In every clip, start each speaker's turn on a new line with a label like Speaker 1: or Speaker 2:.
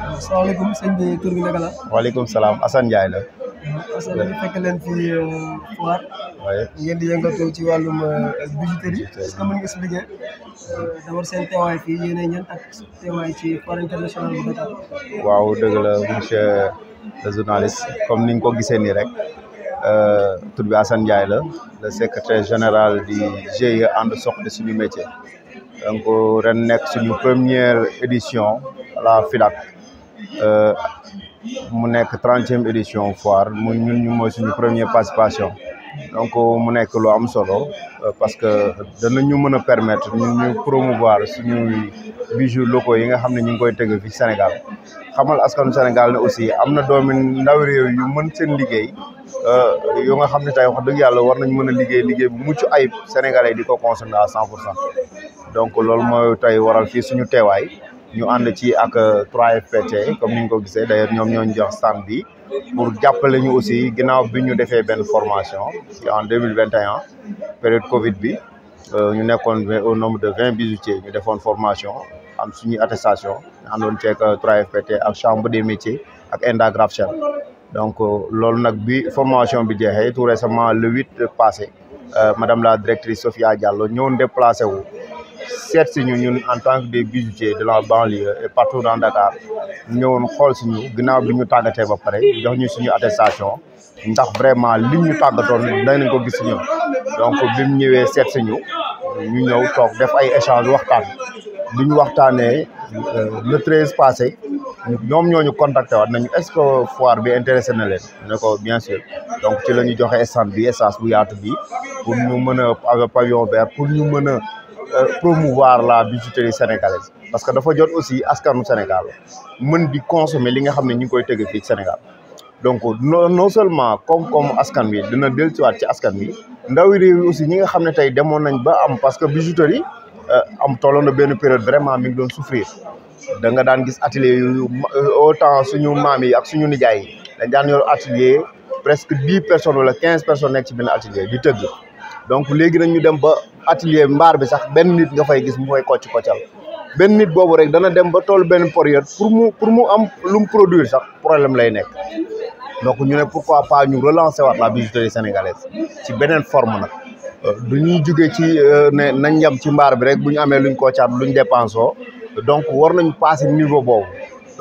Speaker 1: asalaamaaleykum sëñ bi tur bi
Speaker 2: salaam Assane Ndiaye la.
Speaker 1: Assane ñu fekk leen waaye euh, ngeen di yëngatu ci wàllum euh, bijouterie. est-ce que mën euh,
Speaker 2: dëgg la monsieur le journaliste comme ni nga ko gisee nii rek tur bi Assane Ndiaye la le général du GIE ànd soxla suñu métier donc ren nekk suñu première édition la FIDAK. Euh, mu nekk trentième édition foire mu ñu mooy suñu premier participation donc mu nekk lu am solo euh, parce que danañu mën a permettre ñun ñu promouvoir suñuy bijoux locaux yi nga xam ne ñu ngi koy tëgg fi Sénégal xamal askanu Sénégal ne aussi am na doomi ndaw réew yu mën seen liggéey euh, yu nga xam ne tey wax yàlla war nañ mën a liggéey liggéey bu mucc ayib sénégalais di ko consommer à cent pour cent donc loolu mooy tey waral fii suñu teewaay ñu ànd ci ak euh, 3FPT comme ni ñu ko gisee d'ailleurs ñoom ñoo ñu jox stand bi pour jàppale ñu aussi ginnaaw bi ñu defee benn formation en deux mille vingt et un période Covid bi euh, ñu nekkoon au nombre de vingt bi bijoutiers ñu defoon formation am suñuy attestation ñu àndoon ceeg euh, 3FPT ak chambre des métiers ak Indagraf donc loolu nag bi formation bi jeexee tout récemment le huit passé madame la directrice Sophia Diallo ñëw déplacé wu. seet si ñu ñun en tant que des bijoutiers de la banlieue et partout dans Dakar ñëwoon xool si ñu ginnaaw bi ñu tàggatee ba pare jox ñu suñu attestation ndax vraiment li ñu tàggatoon danañ ko gis ñun donc bi mu ñëwee seet si ñu ñu ñëw toog def ay échange waxtaan li ñu waxtaanee euh, le treize passé ñoom ñoo ñu contacté waat nañu est-ce que foire bi intéressé na leen ne ko bien sûr donc ci la ñu joxe stand bi essence bu yaatu bi pour ñu mën Euh, promouvoir la bijouterie sénégalaise parce que dafa jot aussi askanu Sénégal mën di consommer li nga xam ne ñu ngi koy tëgg fii Sénégal donc non non seulement koom-koomu askan wi dina dellusiwaat ci askan wi ndawi réew aussi ñi nga xam ne tey demoon nañ ba am parce que bijouterie euh, am tolloon na benn période vraiment mi ngi doon souffrir da nga daan gis atelier yu euh, autant suñu maam yi ak suñu nijaay yi dañ daan yor atelier presque dix personnes wala quinze personnes nekk ci benn atelier donc léegi nag ñu dem ba atelier mbaar bi sax benn nit nga fay gis mu koy kocc koccal benn nit boobu rek dana dem ba toll benn période pour mu pour mu am lu mu produire sax problème lay nekk donc ñu ne pourquoi pas ñu relancer waat la bijouterie sénégalaise ci beneen forme nag euh, du ñuy jóge ci euh, ne nañ yem ci mbaar bi rek bu ñu amee luñ koccaat luñ dépensé donc war nañ passer niveau boobu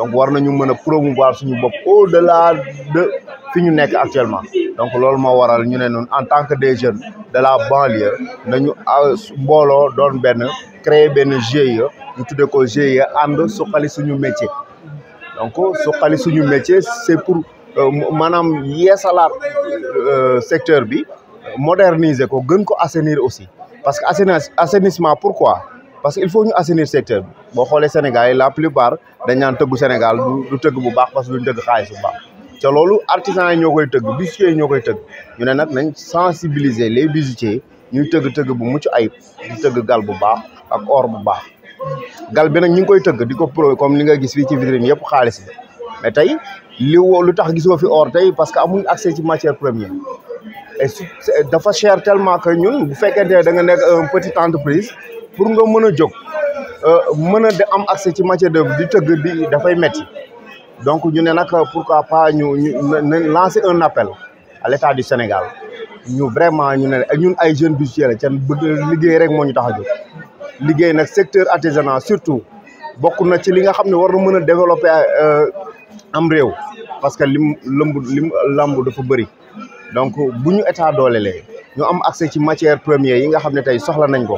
Speaker 2: donc war nañu mën a promouvoir suñu bopp au la de fi ñu nekk actuellement donc loolu moo waral ñu ne noonu en tant que des jeunes de la banlieue nañu mbooloo doon benn créer benn GIE ñu tuddee ko GIE ànd suqali suñu métier donc suqali suñu métier c'est pour euh, maanaam yeesalaat euh, secteur bi moderniser ko gën ko assainir aussi parce que assainissement pourquoi parce que il faut ñu assainir secteur bi boo xoolee Sénégal yi la plupart dañ naan tëggu Sénégal du tëgg bu baax parce que duñ tëgg xaalis bu baax te loolu artisans yi ñoo koy tëgg bijoutiers ñoo koy tëgg ñu ne nag nañ sensibiliser les bijoutiers ñuy tëgg tëgg bu mucc ayib di tëgg gal bu baax ak or bu baax gal bi nag ñu ngi koy tëgg di ko pro comme li nga gis fii ci vitrine yëpp xaalis bi mais tey li woo lu tax gisoo fi or tey parce que amuñ accès ci matière première et su dafa cher tellement que ñun bu fekkente ne da nga nekk un petite entreprise pour nga mën a jóg Euh, mën a de am accès ci matière d'œuvre di tëgg di dafay metti donc ñu ne nag euh, pourquoi pas ñu ñu lancer un appel à l'état du Sénégal ñu vraiment ñu ne ñun ay jeunes budgétaires la ca liggéey rek moo ñu tax a liggéey nag secteur artisanat surtout bokk na ci li nga xam ne war na mën a développer euh, am réew parce que lim lëmb lim làmb dafa bëri. donc bu ñu état doolelee ñu am accès ci matière première yi nga xam ne tey soxla nañ ko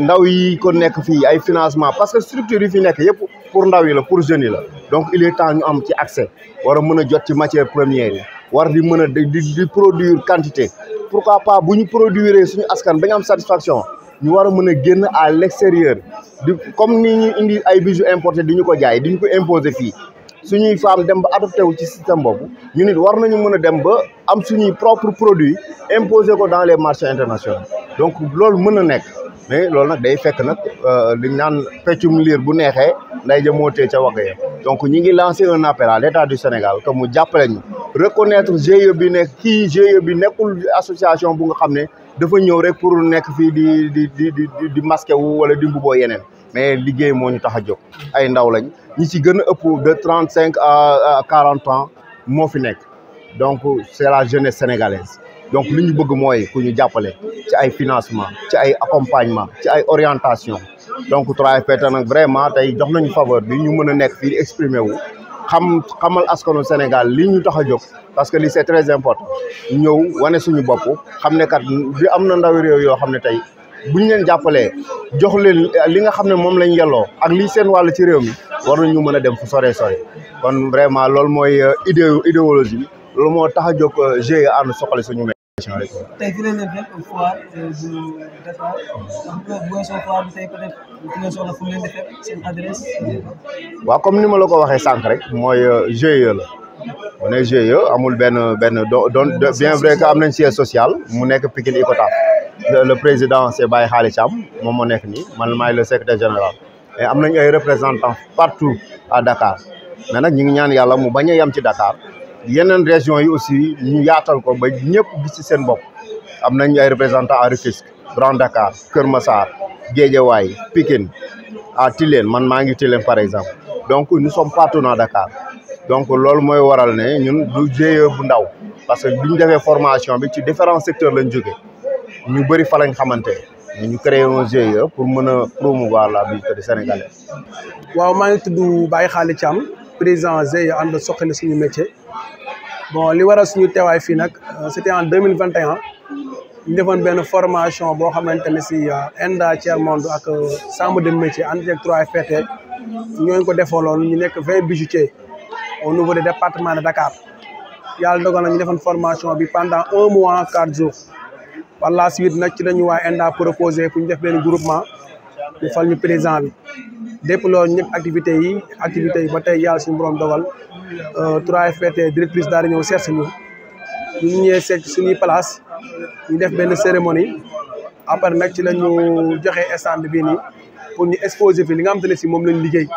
Speaker 2: ndaw yi ko nekk fii ay financement parce que structure yi fi nekk yëpp pour ndaw yi la pour jeunes yi la donc il est temps ñu am ci accès war a mën a jot ci matière première yi war di mën a di di produire quantité pourquoi pas bu ñu produire suñu askan ba ñu am satisfaction ñu war a mën a génn à l'extérieur di comme ni ñu indi ay bijoux importés di ñu ko jaay di ñu ko imposer fii suñuy femmes dem ba adopté wu ci système boobu ñu nit war nañu mën a dem ba am suñuy propre produit imposé ko dans les marché internationaux donc loolu mën a nekk mais loolu nag day fekk nag di euh, naan peccum liir bu neexee day ja moo tee ca wagg ya donc ñi ngi lancé un appel à l'état du Sénégal que mu jàppale ñu reconnaître GIE bi nekk kii GIE bi nekkul association bu nga xam ne dafa ñëw rek pour nekk fii di di di di di masqué wu wala di mbuboo yeneen mais liggéey moo ñu tax a jóg ay ndaw lañ ñi ci gën a ëpp de trente cinq à quarante ans moo fi nekk donc c'est la jeunesse sénégalaise donc li ñu bëgg mooy ku ñu jàppale ci ay financement ci ay accompagnement ci ay orientation donc 3FPT nag vraiment tey jox nañu faveur bi ñu mën a nekk fii exprimer wu xam xamal askanu Sénégal li ñu tax a parce que li c'est très important ñëw wane suñu bopp xam ne kat bi am na ndawi réew yoo xam ne tey bu ñu leen jàppalee jox leen li nga xam ne moom lañ yelloo ak lii seen wàll ci réew mi war nañu mën a dem fu sore sore kon vraiment loolu mooy euh, idée idéologie bi loolu moo tax a jóg euh, GIE ànd soxali suñu mbéy.
Speaker 1: tey fi leen euh, leen
Speaker 2: comme ni ma la ko waxee sànq rek mooy GIE la. on est amul benn benn don don bien vrai que am nañ siège social mu nekk Pikine Icotaf. le président c'est Baye Khali Thiam moom moo nekk nii man maay le secrétaire général mais am nañ ay représentant partout à Dakar mais nag ñu ngi ñaan yàlla mu bañ a yem ci Dakar yeneen régions yi aussi ñu yaatal ko ba ñëpp gis ci seen bopp am nañ ay représentants à Rufisque Grand Dakar Kër Massar Guédiawaye Pikine à Tilène man maa ngi Tilène par exemple donc nous som partout dans Dakar donc loolu mooy waral ne ñun du GIE bu ndaw parce que bi ñu defee formation bi ci différents secteurs lañ jógee
Speaker 1: ñu bëri fa lañ xamante ne ñu créé un GIE pour mën a promouvoir la bijouterie sénégalaise. waaw maa ngi tudd Baye Xaali Thiam président GIE ànd soqali suñu métier bon li waral suñu teewaay fii nag euh, c'était en deux mille vingt et un benn formation boo xamante ne si euh, ENDA Tiers ak chambre euh, de métier ànd ak 3FPT ñooñu ko defaloon ñu nekk vingt bijoutiers au niveau de département de Dakar yàlla dogal na ñu defoon formation bi pendant un mois quatre jours. par la suite na ci lañu waa ENDA proposé ku ñu def benn groupement ñu fal ñu président bi dépp loolu ñëpp activités yi activité yi ba tey yàlla suñu borom dogal 3FPT euh, directrice daal di ñëw seet si ñu ñu ñëwee suñu suñuy place ñu def benn cérémonie après nag ci lañu joxe stand bi nii pour ñu exposé fi li nga xamante ne si moom lañ liggéey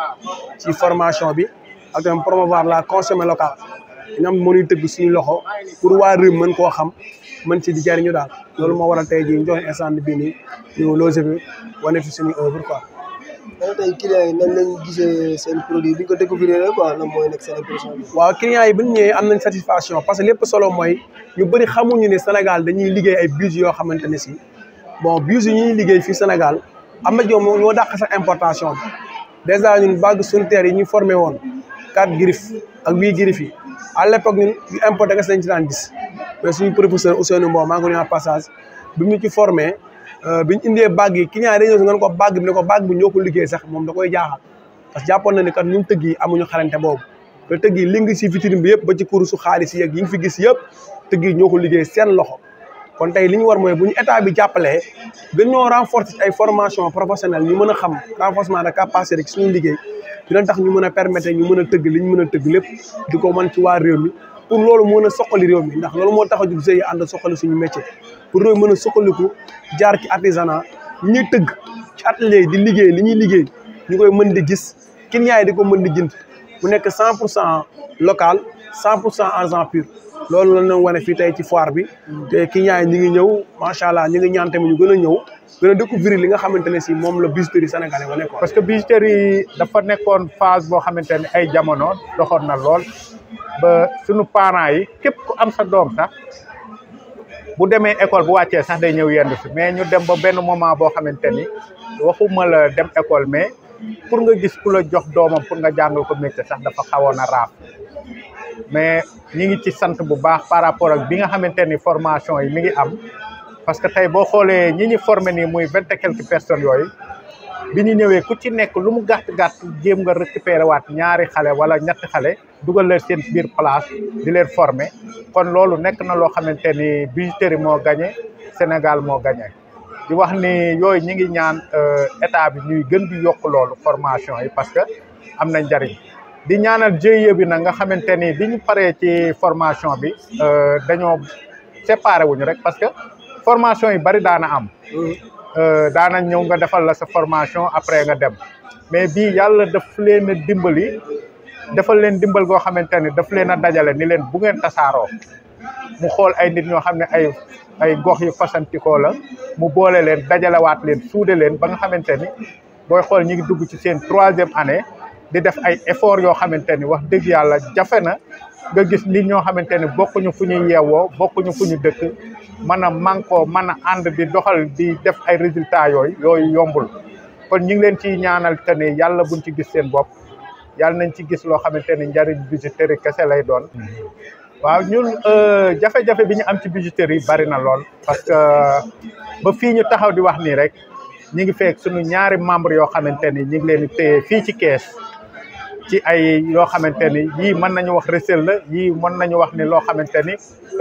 Speaker 1: ci formation bi ak tamit promouvoir la consommation locale li nga xam moo ñuy tëgg suñu loxo pour waa réew mën koo xam man si di jariñu daal loolu moo waral tey jii njooñ instant bii nii ñu logé fi wane fi suñu œuvre quoi. seen produit bi ñu ko découvrir quoi lan mooy nekk seen impression bi. waaw clients yi bu ñu ñëwee am nañ satisfaction parce que lépp solo mooy ñu bëri xamuñu ne Sénégal dañuy liggéey ay bus yoo xamante ne si bon bus yi ñuy liggéey fii Sénégal am na ñoom ñoo dàq sax importation bi dèjà ñun bague solitaire yi ñu forme woon quatre griffes ak huit griffes yi à l'époque ñun importé nga si lañ gis. ma suñu professeur Ousseynou Mbow maa ngi ko en passage bi mu ci formé euh, bi ñu indee ki ñaar dañoo nga ne ko bague bi ne ko bague bi ñoo ko liggéey sax moom da koy jaaxal parce que jàppoon na ni kat ñun tëgg amuñu xarante boobu te tëgg yi li ngi si vitrine bi yëpp ba ci kurusu xaalis yi ak yi ngi fi gis yëpp tëgg yi ñoo ko liggéey seen loxo kon tey li ñu war mooy bu ñu état bi jàppalee gën ñoo renforcer ay formation professionnelle ñu mën a xam renforcement de capacité rek suñu liggéey dina tax ñu mën a permettre ñu mën a tëgg li ñu mën a tëgg lépp di ko mën ci waa réew mi pour loolu mën a soqali ndax loolu moo tax a jug GIE ànd soqali suñu métier pour réew mën a soqaliku jaar ci artisanat ñuy tëgg ci atelier yi di liggéey li ñuy liggéey ñu koy mën di gis clients yi di ko mën di jënd mu nekk cent pour cent local cent pour cent argent pur loolu la ñu wane fii tey ci foire bi ki clients yi ñu ngi ñëw macha allah ñu ngi ñaan tamit ñu gën a ñëw gën a découvrir li nga xamante ne si moom la bijouterie sénégalais wane quoi. parce que
Speaker 3: bijouterie dafa nekkoon phase boo xamante ne ay jamono doxoon na lool. ba sunu parents yi képp ku am sa doom sax bu demee école bu wàccee sax day ñëw yendu si mais ñu dem ba benn moment boo xamante ni waxuma la dem école mais pour nga gis ku la jox doomam pour nga jàngal ko métier sax dafa xawoon a raaf mais ñi ngi ci sant bu baax par rapport ak bi nga xamante ni formation yi mi ngi am parce que tey boo xoolee ñi ñu formé nii muy vingt et quelques yooyu bi ñu ñëwee ku ci nekk lu mu gàtt gàtt jéem nga récupéré waat ñaari xale wala ñetti xale dugal leen seen biir place di leen former kon loolu nekk na loo xamante ni bijouterie moo gagné Sénégal moo gagné di wax ni yooyu ñi ngi ñaan euh, état bi ñuy gën di yokk loolu formation yi parce que am na njariñ di ñaanal GIE bi na nga xamante ni di ñu paree ci formation bi euh, dañoo séparé wuñu rek parce que formation yi bari daana am mm-hmm. euh, daana ñëw nga defal la sa formation après nga dem mais bii yàlla daf leen dimbali defal leen dimbal goo xamante ne daf leen a dajale ni leen bu ngeen tasaaroo mu xool ay nit ñoo xam ne ay ay gox yu fasantikoo la mu boole leen dajalewaat leen suude leen ba nga xamante ni booy xool ñi ngi dugg ci seen troisième année di def ay effort yoo xamante ni wax dëgg yàlla jafe na nga gis nit ñoo xamante ni bokkuñu fu ñuy yeewoo bokkuñu fu ñu dëkk mën a mànkoo mën a ànd di doxal di def ay résultats yooyu yooyu yombul kon ñu ngi leen ciy ñaanal te ne yàlla buñ ci gis seen bopp yàlla nañ ci gis loo xamante ni njariñ bijouterie kese lay doon mm-hmm. waaw ñun euh, jafe-jafe bi ñu am ci bijouterie yi bari na lool parce que euh, ba fii ñu taxaw di wax nii rek ñi ngi fekk suñu ñaari membre yoo xamante ni ñi ngi leen di téye fii ci kees ci ay yoo xamante ni yii mën nañu wax recel la yii mën nañu wax ni loo xamante ni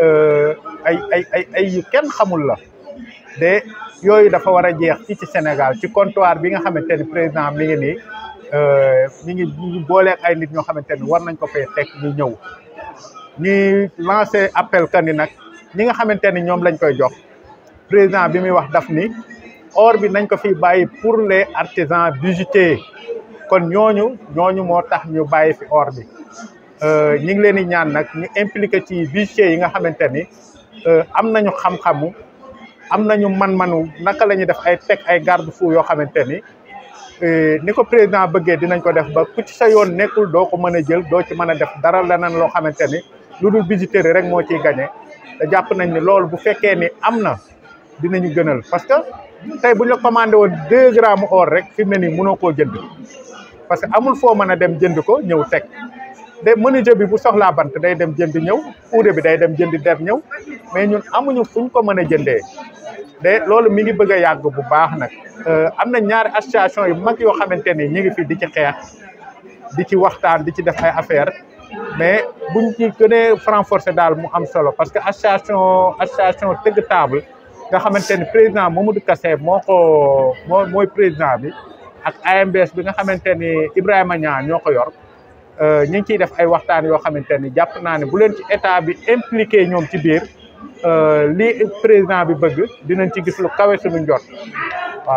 Speaker 3: euh, ay ay ay ay yu kenn xamul la de yooyu dafa war a jeex fii ci Sénégal ci comptoir bi nga xamante ni président mi nii Euh, ñu ngi booleeg ay nit ñoo xamante ni war nañ ko fay teg ñu ñëw ñu lancé appel kan ni nag ñi nga xamante ni ñoom lañ koy jox président bi muy wax daf ni or bi nañ ko fi bàyyi pour les artisans bijoutiers kon ñooñu ñooñu moo tax ñu bàyyi fi or bi euh, ñu ngi leen di ñaan nag ñu impliqué ci bijoutiers yi nga xamante ni euh, am nañu xam-xamu am nañu man-manu naka la ñuy def ay teg ay garde-fou yoo xamante ni Eh, ni ko président bëggee dinañ ko def ba ku ci sa yoon nekkul doo ko mën a jël doo ci mën a def dara la leneen loo xamante ni lu dul visiteurs rek moo ciy gagné te jàpp nañ ni loolu bu fekkee ni am na dinañu gënal parce que tey bu ñu la woon deux grammes or rek fi mu ne nii mënoo koo jënd parce que amul foo mën a dem jënd ko ñëw teg. de day menuisier bi bu soxlaa bant day dem jëndi ñëw uude bi day dem jëndi der ñëw mais ñun amuñu fu fuñ ko mën a jëndee de loolu mi ngi bëgg a yàgg bu baax nag euh, am na ñaari association yu mag yoo xamante ni ñu ngi fi di ci xeex di ci waxtaan di ci def ay affaire mais buñ ci gënee renforcer daal mu am solo parce que association association tëgg table nga xamante ni président Mamadou Kassé moo ko moo mooy président bi ak AMBS bi nga xamante ni Ibrahima Niang ñoo ko yor Euh, ñu ngi ciy def ay waxtaan yoo xamante ni jàpp naa ne bu leen ci état bi impliqué ñoom ci biir euh, li président bi bëgg dinañ ci gis lu kawe suñu njort waaw